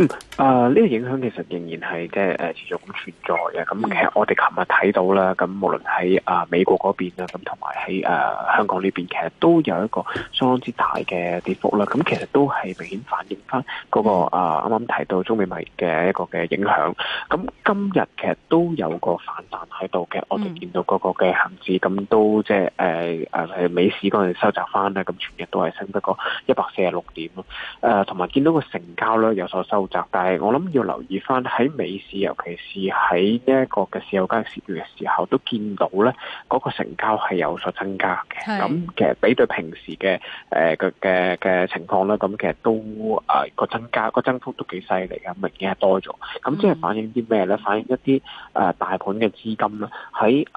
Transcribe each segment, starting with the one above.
嗯，呢、呃這個影響其實仍然係即係誒持續咁存在嘅。咁其實我哋琴日睇到啦，咁無論喺啊、呃、美國嗰邊啊，咁同埋喺誒香港呢邊，其實都有一個相當之大嘅跌幅啦。咁其實都係明顯反映翻嗰、那個啊啱啱提到中美貿易嘅一個嘅影響。咁今日其實都有個反彈喺度嘅，我哋見到嗰個嘅恒指咁都即係誒誒係美市嗰陣收窄翻啦，咁全日都係升得個一百四十六點咯。誒、呃，同埋見到個成交量有所收。但係我諗要留意翻喺美市，尤其是喺呢一個嘅市有間歇嘅時候，都見到咧嗰個成交係有所增加嘅。咁是其實比對平時嘅誒嘅嘅嘅情況呢，咁其實都誒個、呃、增加個增幅都幾犀利嘅，明顯係多咗。咁即係反映啲咩咧？嗯、反映一啲誒、呃、大盤嘅資金咧，喺誒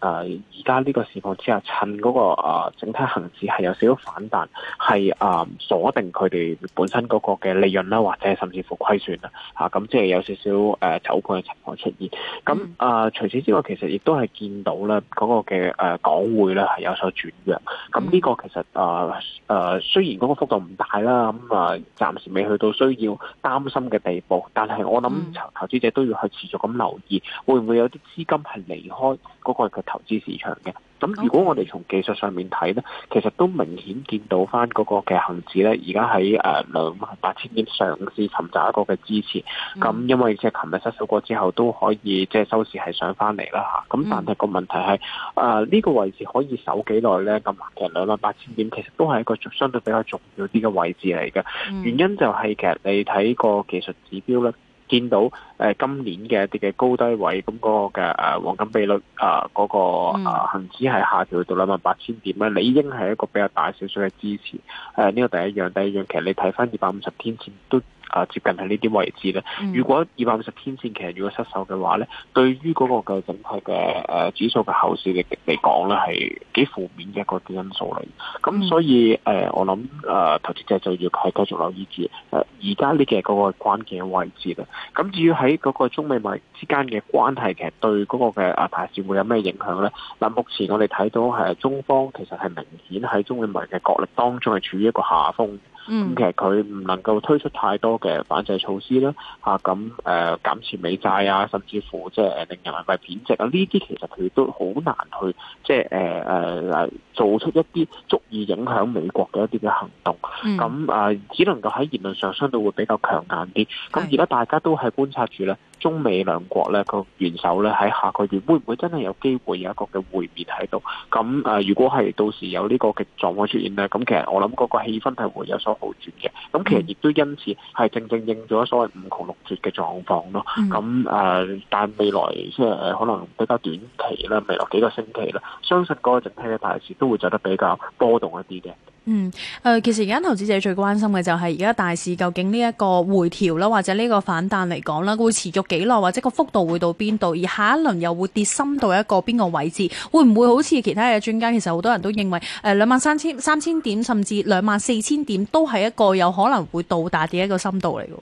而家呢個市況之下，趁嗰、嗰個、呃、整體恒指係有少少反彈，係誒、呃、鎖定佢哋本身嗰個嘅利潤啦，或者甚至。虧算啦，吓、啊、咁即係有少少誒走盤嘅情況出現。咁啊、呃，除此之外，其實亦都係見到咧嗰、那個嘅誒、呃、港匯咧係有所轉弱。咁呢個其實誒誒、呃呃，雖然嗰個幅度唔大啦，咁啊暫時未去到需要擔心嘅地步。但係我諗投投資者都要去持續咁留意，嗯、會唔會有啲資金係離開嗰個嘅投資市場嘅？咁如果我哋從技術上面睇咧，Okay. 其實都明顯見到翻嗰個嘅恆指咧，而家喺誒兩萬八千點上試尋找一個嘅支持。咁、mm. 因為即係琴日失守過之後，都可以即係、就是、收市係上翻嚟啦咁，但係個問題係、mm. 啊呢、呢個位置可以守幾耐咧？咁其實兩萬八千點其實都係一個相對比較重要啲嘅位置嚟嘅。Mm. 原因就係其實你睇個技術指標咧。見到誒今年嘅一啲嘅高低位，咁嗰個嘅誒黃金比率啊，嗰個啊恆指係下調到兩萬八千點咧，理應係一個比較大少少嘅支持。誒呢個第一樣，第二樣其實你睇翻二百五十天線都。啊，接近喺呢啲位置咧。嗯、如果二百五十天線，其實如果失守嘅話，咧，對於嗰個嘅整體嘅誒、呃、指數嘅後市嘅嚟講咧，係幾負面嘅一個因素嚟。咁所以誒、呃，我諗誒投資者就要係繼續留意住誒而家呢嘅嗰個關鍵嘅位置啦。咁至於喺嗰個中美貿易之間嘅關係，其實對嗰個嘅啊大市會有咩影響咧？嗱，目前我哋睇到係中方其實係明顯喺中美貿易嘅角力當中係處於一個下風咁、嗯、其實佢唔能夠推出太多嘅反制措施啦，吓，咁誒減持美債啊，甚至乎即係誒令人民幣貶值啊，呢啲其實佢都好難去即係誒誒，做出一啲足以影響美國嘅一啲嘅行動。咁啊、嗯呃，只能夠喺言論上相對會比較強硬啲。咁而家大家都係觀察住咧。中美兩國咧個元首咧喺下個月會唔會真係有機會有一個嘅會面喺度？咁誒，如果係到時有呢個嘅狀況出現咧，咁其實我諗嗰個氣氛係會有所好轉嘅。咁其實亦都因此係正正應咗所謂五窮六絕嘅狀況咯。咁誒，但係未來即係誒可能比較短期啦，未來幾個星期啦，相信嗰個整體嘅大市都會走得比較波動一啲嘅。嗯，誒、呃，其實而家投資者最關心嘅就係而家大市究竟呢一個回調啦，或者呢個反彈嚟講啦，會持續幾耐，或者個幅度會到邊度，而下一輪又會跌深到一個邊個位置？會唔會好似其他嘅專家？其實好多人都認為，誒、呃，兩萬三千三千點，甚至兩萬四千點，都係一個有可能會到達嘅一個深度嚟嘅。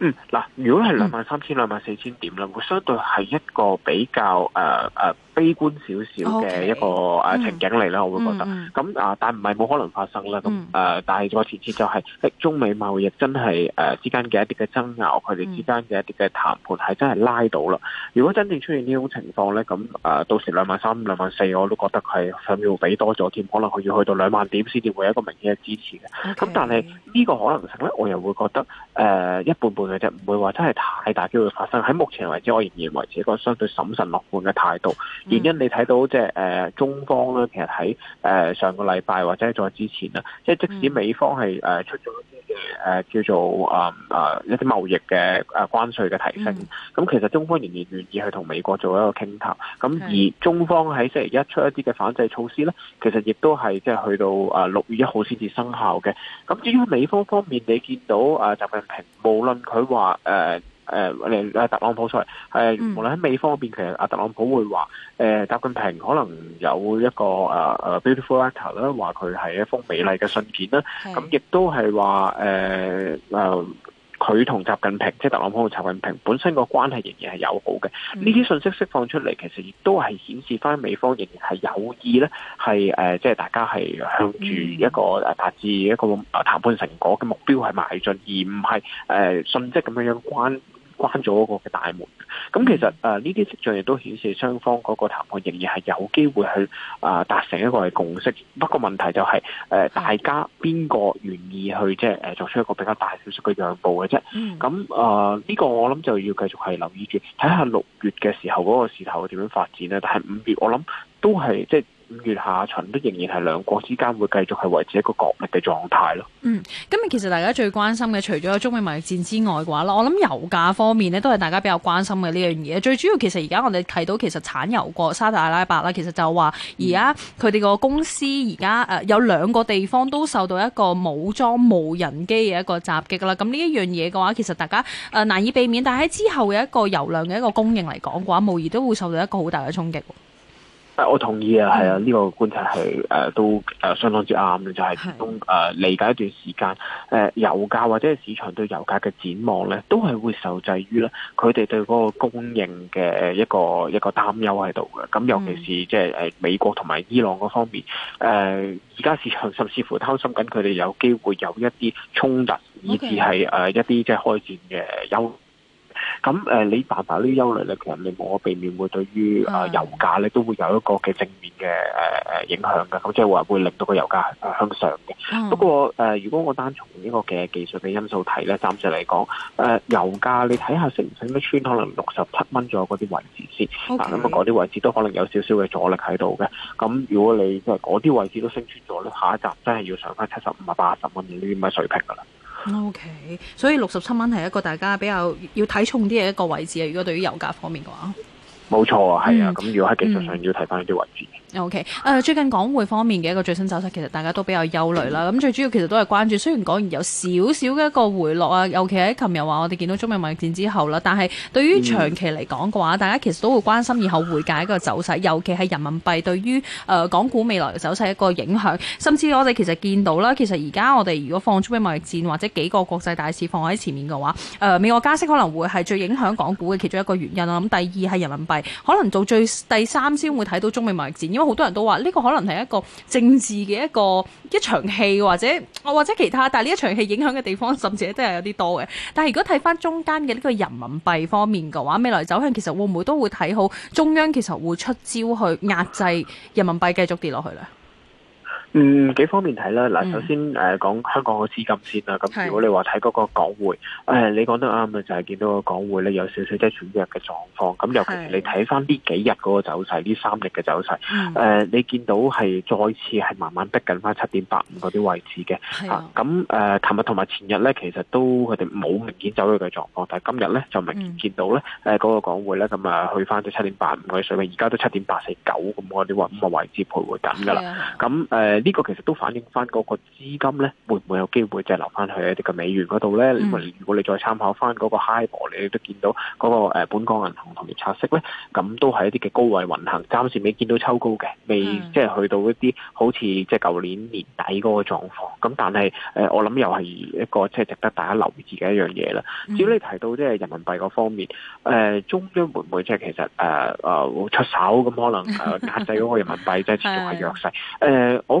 嗯，嗱，如果係兩萬三千、兩萬四千點啦，會相對係一個比較誒誒。呃呃悲觀少少嘅一個情景嚟啦，Okay. 我會覺得咁啊，嗯嗯嗯、但唔係冇可能發生啦。咁誒、嗯呃，但係個前提就係中美貿易真係誒、呃、之間嘅一啲嘅爭拗，佢哋、嗯、之間嘅一啲嘅談判係真係拉到啦。如果真正出現呢種情況呢，咁誒、呃、到時兩萬三、兩萬四，我都覺得係想要俾多咗添，可能佢要去到兩萬點先至會有一個明顯嘅支持嘅。咁 Okay. 但係呢個可能性呢，我又會覺得誒、呃、一半半嘅啫，唔會話真係太大機會發生。喺目前為止，我仍然維持一個相對審慎樂觀嘅態度。原因你睇到即係誒中方咧，其實喺誒上個禮拜或者係再之前啊，即係即使美方係誒出咗一啲嘅誒叫做誒一啲貿易嘅誒關稅嘅提升，咁其實中方仍然願意去同美國做一個傾談。咁而中方喺星期一出一啲嘅反制措施咧，其實亦都係即係去到誒六月一號先至生效嘅。咁至於美方方面，你見到啊習近平無論佢話誒。誒，誒、呃，特朗普出嚟，誒、呃，嗯、無論喺美方嗰邊，其實阿特朗普會話，誒、呃，習近平可能有一個誒誒、uh, beautiful letter 啦，話佢係一封美麗嘅信件啦，咁亦都係話，誒，誒、呃，佢同習近平，即係特朗普同習近平本身個關係仍然係友好嘅，呢啲、嗯、信息釋放出嚟，其實亦都係顯示返美方仍然係有意咧，係誒、呃，即係大家係向住一個誒達至一個談判成果嘅目標係邁進，而唔係誒信積咁樣樣關。關咗嗰個嘅大門，咁其實誒呢啲跡象亦都顯示雙方嗰個談判仍然係有機會去啊達、呃、成一個係共識，不過問題就係、是、誒、呃、是的 大家邊個願意去即係誒作出一個比較大少少嘅讓步嘅啫。咁啊呢個我諗就要繼續係留意住睇下六月嘅時候嗰個市頭會點樣發展咧，但係五月我諗都係即係。就是五月下旬都仍然係兩國之間會繼續係維持一個角力嘅狀態咯。嗯，今日，其實大家最關心嘅，除咗中美貿易戰之外嘅話，我諗油價方面呢，都係大家比較關心嘅呢樣嘢。最主要，其實而家我哋睇到，其實產油國沙特阿拉伯啦，其實就話而家佢哋個公司而家誒有兩個地方都受到一個武裝無人機嘅一個襲擊啦。咁呢一樣嘢嘅話，其實大家誒、呃、難以避免，但係喺之後嘅一個油量嘅一個供應嚟講嘅話，無疑都會受到一個好大嘅衝擊。我同意是啊，係啊，呢個觀察係誒、呃、都誒、呃、相當之啱嘅，就係始終理解一段時間誒、呃、油價或者係市場對油價嘅展望咧，都係會受制於咧佢哋對嗰個供應嘅一個一個擔憂喺度嘅。咁尤其是即係、嗯、美國同埋伊朗嗰方面，誒而家市場甚至乎擔心緊佢哋有機會有一啲衝突以，以至係誒一啲即係開戰嘅憂。咁誒，你明白呢啲憂慮咧，其實你冇可避免會對於誒油價咧都會有一個嘅正面嘅誒誒影響嘅，咁即係話會令到個油價向上嘅。不過誒、呃，如果我單從呢個嘅技術嘅因素睇咧，暫時嚟講誒，油價你睇下升唔升得穿，可能六十七蚊左右嗰啲位置先，咁啊嗰啲位置都可能有少少嘅阻力喺度嘅。咁如果你即係嗰啲位置都升穿咗咧，下一集真係要上翻七十五啊八十蚊呢啲咁嘅水平噶啦。OK，所以六十七蚊係一個大家比較要睇重啲嘅一個位置啊。如果對於油價方面嘅話，冇錯啊，係啊。咁、嗯、如果喺技術上要睇返呢啲位置。嗯嗯 OK，誒最近港匯方面嘅一個最新走勢，其實大家都比較憂慮啦。咁最主要其實都係關注，雖然講完有少少嘅一個回落啊，尤其喺琴日話我哋見到中美貿易戰之後啦。但係對於長期嚟講嘅話，大家其實都會關心以後匯價一個走勢，尤其係人民幣對於誒港股未來嘅走勢一個影響。甚至我哋其實見到啦，其實而家我哋如果放中美貿易戰或者幾個國際大市放喺前面嘅話，誒美國加息可能會係最影響港股嘅其中一個原因啦。咁第二係人民幣，可能到最第三先會睇到中美貿易戰，好多人都話呢個可能係一個政治嘅一個一場戲，或者或者其他，但係呢一場戲影響嘅地方甚至都係有啲多嘅。但係如果睇翻中間嘅呢個人民幣方面嘅話，未來走向其實會唔會都會睇好中央？其實會出招去壓制人民幣繼續跌落去咧。嗯，幾方面睇啦。嗱，首先誒講香港嘅資金先啦。咁、嗯、如果你話睇嗰個港匯，誒、嗯、你講得啱啊，就係、是、見到個港匯咧有少少即係轉弱嘅狀況。咁、嗯、尤其你睇翻呢幾日嗰個走勢，呢三日嘅走勢，誒、嗯、你見到係再次係慢慢逼近翻七點八五嗰啲位置嘅嚇。咁誒、啊，琴、啊呃、日同埋前日咧，其實都佢哋冇明顯走弱嘅狀況，但係今日咧就明顯見到咧，誒嗰、嗯、個港匯咧咁啊去翻到七點八五嘅水平，而家都七點八四九咁我哋話咁嘅位置徘徊緊㗎啦。咁誒、啊。啊呃呢個其實都反映翻嗰個資金咧，會唔會有機會即係留翻去一啲嘅美元嗰度咧？嗯、如果你再參考翻嗰個 high level 你都見到嗰、嗰個、呃、本港銀行同埋拆息咧，咁都係一啲嘅高位運行，暫時未見到秋高嘅，未即係去到一啲好似即係舊年年底嗰個狀況。咁但係、呃、我諗又係一個即係值得大家留意嘅一樣嘢啦。至於你提到即係人民幣嗰方面，誒、呃、中央會唔會即係其實誒誒、呃呃、出手咁可能壓、呃、制嗰個人民幣，即係始終係弱勢？我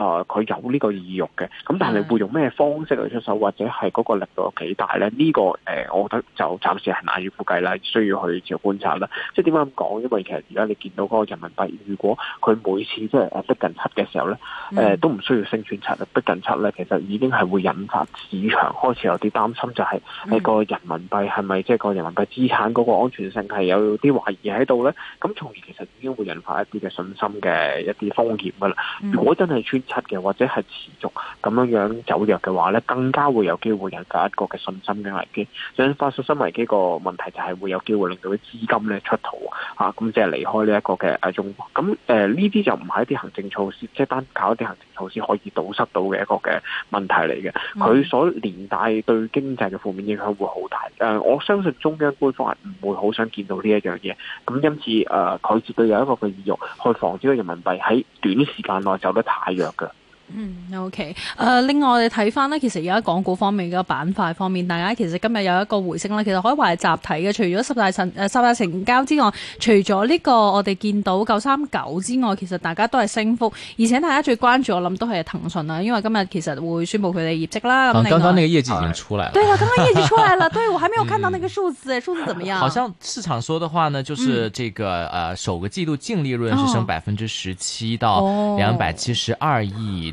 啊！佢有呢個意欲嘅，咁但係你會用咩方式去出手，或者係嗰個力度有幾大咧？呢、呢個誒，我覺得就暫時係難以估計啦，需要去照觀察啦。即係點解咁講？因為其實而家你見到嗰個人民幣，如果佢每次即係逼近七嘅時候咧，誒、嗯、都唔需要升穿七，逼近七咧，其實已經係會引發市場開始有啲擔心，就係呢個人民幣係咪即係個人民幣資產嗰個安全性係有啲懷疑喺度咧？咁從而其實已經會引發一啲嘅信心嘅一啲風險噶啦。如果真係穿，出嘅或者係持續咁樣樣走弱嘅話咧，更加會有機會引發一個嘅信心嘅危機。所以發信心危機個問題就係會有機會令到啲資金咧出逃啊！咁即係離開呢、啊呃、一個嘅誒中國。咁誒呢啲就唔係一啲行政措施，即、就、係、是、單搞一啲行政。同時可以堵塞到嘅一個嘅問題嚟嘅，佢所連帶對經濟嘅負面影響會好大。誒，我相信中央官方係唔會好想見到呢一樣嘢，咁因此誒，佢絕對有一個嘅意欲去防止個人民幣喺短時間內走得太弱嘅。嗯，OK。誒，另外我哋睇翻，呢，其實而家港股方面嘅板塊方面，大家其實今日有一個回升啦。其實可以話係集體嘅，除咗十大成十大成交之外，除咗呢個我哋見到九三九之外，其實大家都係升幅。而且大家最關注我諗都係騰訊啦，因為今日其實會宣佈佢哋業績啦。啊，剛剛那個業績已經出來了。對啦，剛剛業績出來了，對，我還沒有看到那個數字，數字怎麼樣？好像市場說的話呢，就是這個首個季度淨利潤是升百分之十七到兩百七十二億。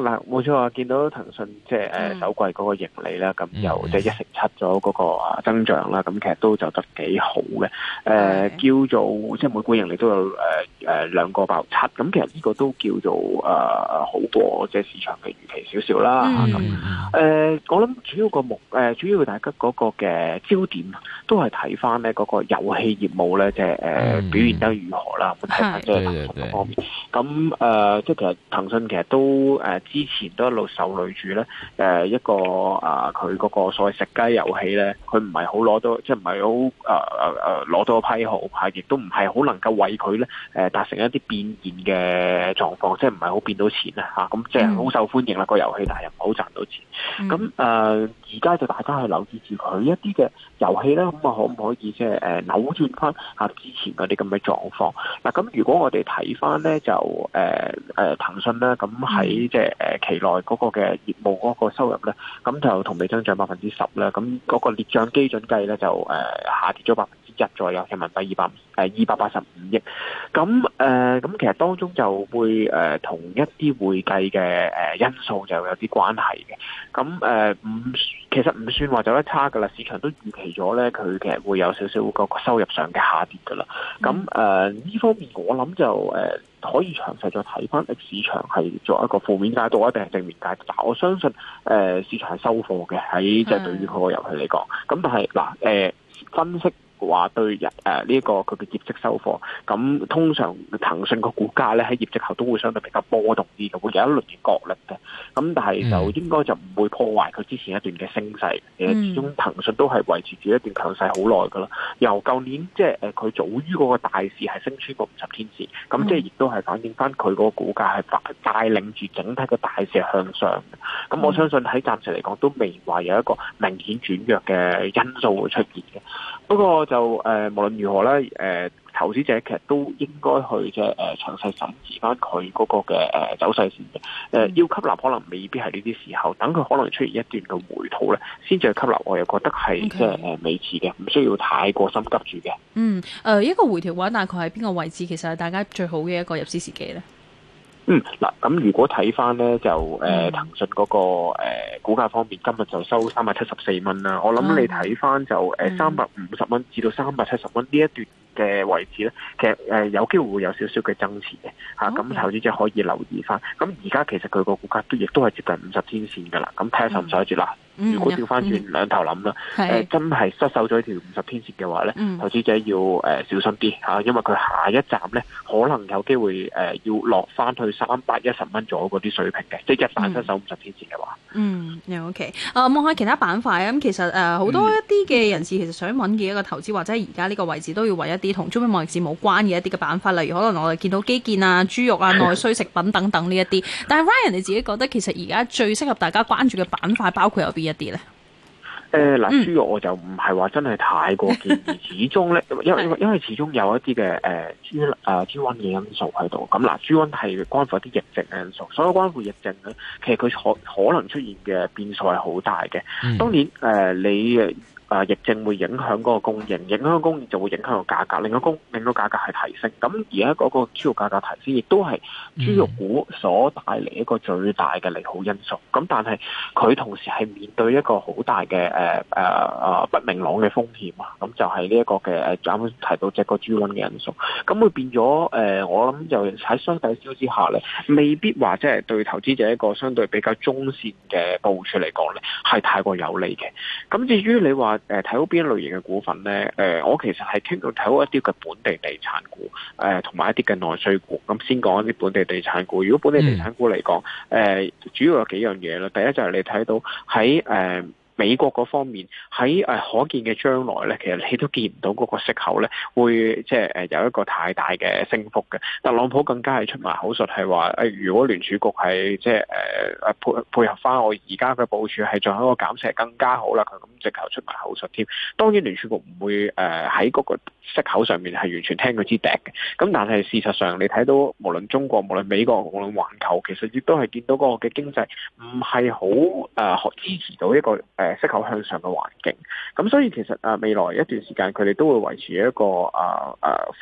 冇錯啊！見到騰訊即係誒首季嗰個盈利啦，咁又即係一成七咗嗰個增長啦，咁其實都就得幾好嘅。呃 mm. 叫做即係每股盈利都有誒誒、呃、兩個百毫七，咁其實呢個都叫做、呃、好過即係市場嘅預期少少啦。咁、mm. 呃、我諗主要個目、呃、主要大家嗰個嘅焦點都係睇翻咧嗰個遊戲業務咧，即係、呃 mm. 表現得如何啦，mm. 即係騰訊方面。咁即係其實騰訊其實都、呃之前都一路受累住呢，誒一個啊，佢、呃、嗰個所謂食雞遊戲呢，佢唔係好攞到，即係唔係好誒攞到個批號，係亦都唔係好能夠為佢呢誒達成一啲變現嘅狀況，即係唔係好變到錢啊！咁即係好受歡迎啦、個遊戲，但係又唔好賺到錢。而家就大家去留意住佢一啲嘅遊戲啦。咁啊可唔可以即係誒扭轉翻啊之前嗰啲咁嘅狀況？嗱、啊，咁如果我哋睇翻咧，就誒誒、呃、騰訊啦。咁喺即係誒期內嗰個嘅業務嗰個收入咧，咁就同比增長百分之十咧，咁嗰、那個列帳基準計咧就誒、呃、下跌咗百分之一左右，人民幣二百誒二百八十五億。咁誒咁其實當中就會誒、呃、同一啲會計嘅誒因素就有啲關係嘅。咁誒五。呃嗯其實唔算話走得差噶啦，市場都預期咗咧，佢其實會有少少嗰個收入上嘅下跌噶啦。咁誒，呢、呃、方面我諗就誒、呃，可以詳細再睇翻，市場係做一個負面解讀啊，定係正面解讀？但我相信誒、呃，市場係收貨嘅，喺即係對於佢個遊戲嚟講。咁、嗯、但係嗱，誒、呃、分析。話對人誒呢個佢嘅業績收貨，咁通常騰訊個股價咧喺業績後都會相對比較波動啲，就會有一輪嘅角力嘅。咁但係就應該就唔會破壞佢之前一段嘅升勢。始終騰訊都係維持住一段強勢好耐噶啦。由舊年即係誒佢早於嗰個大市係升穿過五十天線，咁即係亦都係反映翻佢嗰個股價係帶帶領住整體個大勢向上。咁我相信喺暫時嚟講都未話有一個明顯轉弱嘅因素會出現嘅。不過就誒、呃，無論如何咧，誒、呃，投資者其實都應該去即係誒，詳細審視翻佢嗰個嘅誒、呃、走勢先嘅。誒、嗯呃，要吸納可能未必係呢啲時候，等佢可能出現一段嘅回吐咧，先至去吸納。我又覺得係即係誒，未遲嘅，唔需要太過心急住嘅。嗯，誒、呃，一個回調嘅話，大概喺邊個位置？其實係大家最好嘅一個入市時機咧。嗯，嗱，咁如果睇翻咧，就誒、呃、騰訊嗰、個誒、呃、股價方面，今日就收三百七十四蚊啦。嗯、我諗你睇翻就誒三百五十蚊至到三百七十蚊呢一段嘅位置咧，嗯、其實誒、呃、有機會會有少少嘅增持嘅嚇，咁投資者可以留意翻。咁而家其實佢個股價都亦都係接近五十天線噶啦，咁睇下守唔守得住啦。嗯嗯。如果調翻轉兩頭諗啦，誒是真係失守咗一條五十天線嘅話咧，嗯、投資者要誒、呃、小心啲嚇，因為佢下一站咧可能有機會誒、呃、要落翻去三百一十蚊左右嗰啲水平嘅，嗯、即係一旦失守五十天線嘅話。嗯，嗯，OK。誒、呃，望、嗯、下其他板塊啊，咁其實誒好、呃、多一啲嘅人士其實想揾嘅一個投資或者而家呢個位置都要為一啲同中美貿易戰冇關嘅一啲嘅板塊，例如可能我哋見到基建啊、豬肉啊、內需食品等等呢一啲。 但係 Ryan 你自己覺得其實而家最適合大家關注嘅板塊包括有邊？一啲咧，誒嗱、嗯，豬肉我就唔係話真係太過建議，始終咧，因因為始終有一啲嘅誒豬豬瘟嘅因素喺度。咁嗱，豬瘟係關乎一啲疫症嘅因素，所有關乎疫症咧，其實佢可可能出現嘅變數係好大嘅。當年誒、呃，你。啊！疫症會影響嗰個供應，影響供應就會影響個價格，令到供令到價格係提升。咁而家嗰個豬肉價格提升，亦都係豬肉股所帶嚟一個最大嘅利好因素。咁、嗯、但係佢同時係面對一個好大嘅誒誒誒不明朗嘅風險啊！咁就係呢一個嘅誒啱啱提到隻個豬瘟嘅因素，咁會變咗誒、呃。我諗就喺相抵消之下咧，未必話即係對投資者一個相對比較中線嘅部署嚟講咧，係太過有利嘅。咁至於你話，誒睇好邊一類型嘅股份咧？誒、呃，我其實係傾到睇好一啲嘅本地地產股，誒同埋一啲嘅內需股。咁先講一啲本地地產股。如果本地地產股嚟講，誒、呃，主要有幾樣嘢啦。第一就係你睇到喺誒。呃美國嗰方面喺可見嘅將來咧，其實你都見唔到嗰個息口咧會即係有一個太大嘅升幅嘅。特朗普更加係出埋口術，係話如果聯儲局係即係配、呃、配合翻我而家嘅部署，係仲有一個減息更加好啦。佢咁直頭出埋口術添。當然聯儲局唔會誒喺嗰個息口上面係完全聽佢支笛嘅。咁但係事實上你睇到無論中國，無論美國，無論環球，其實亦都係見到個嘅經濟唔係好誒支持到一個。呃誒，息口向上嘅環境，咁所以其實誒、啊、未來一段時間佢哋都會維持一個誒誒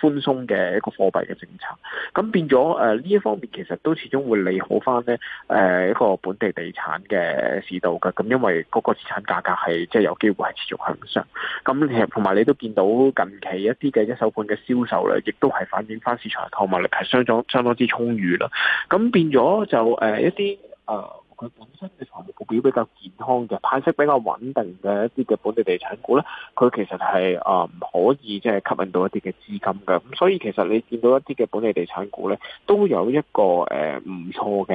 寬鬆嘅一個貨幣嘅政策，咁變咗誒呢一方面其實都始終會利好翻咧誒一個本地地產嘅市道嘅，咁因為嗰個資產價格係即係有機會係持續向上，咁其實同埋你都見到近期一啲嘅一手盤嘅銷售咧，亦都係反映翻市場嘅購買力係相當相當之充裕啦，咁變咗就誒、啊、一啲誒。啊佢本身嘅財務報表比較健康嘅，派息比較穩定嘅一啲嘅本地地產股咧，佢其實係啊，唔、可以即係吸引到一啲嘅資金嘅。咁所以其實你見到一啲嘅本地地產股咧，都有一個誒、呃、唔錯嘅誒、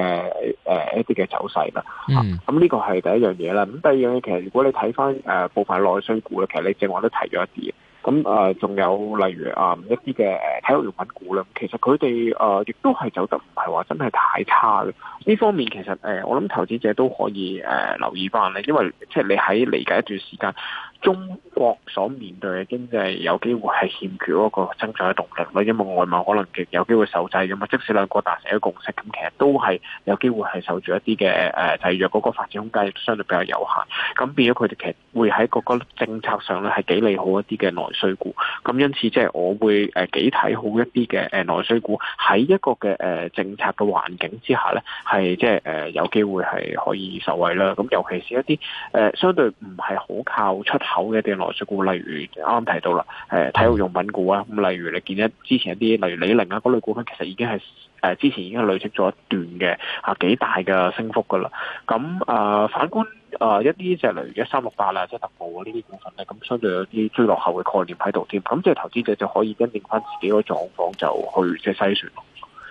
呃、一啲嘅走勢啦。咁、mm. 啊、呢個係第一樣嘢啦。咁第二樣嘢其實如果你睇翻誒部分內需股咧，其實你正話都提咗一啲嘅。咁、嗯、呃，仲有例如啊、呃，一啲嘅體育用品股啦，其實佢哋呃，亦都係走得唔係話真係太差嘅。呢方面其實，呃，我諗投資者都可以呃，留意翻咧，因為，即係你喺嚟緊一段時間。中國所面對嘅經濟有機會係欠缺嗰個增長嘅動力咯，因為外貿可能亦有機會受制的，咁啊即使兩國達成一共識，咁其實都係有機會係受住一啲嘅誒制約，嗰個發展空間亦相對比較有限，咁變咗佢哋其實會喺嗰個政策上咧係幾利好一啲嘅內需股，咁因此即係我會誒幾睇好一啲嘅誒內需股喺一個嘅誒政策嘅環境之下咧，係即係誒有機會係可以受惠啦，咁尤其是一啲誒、呃、相對唔係好靠出。好嘅，啲內需股，例如啱啱提到啦，誒，體育用品股啊，咁例如你見一之前一啲，例如李寧啊嗰類股份，其實已經係誒之前已經係累積咗一段嘅啊幾大嘅升幅㗎喇。咁啊，反觀啊一啲就係例如一三六八啊，即係特步啊呢啲股份咧，咁相對有啲最落後嘅概念喺度添。咁即係投資者就可以跟定返自己個狀況就去即係篩選。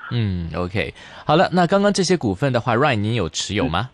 嗯，OK，好啦，那剛剛這些股份的話，Ryan，你有持有嗎？嗯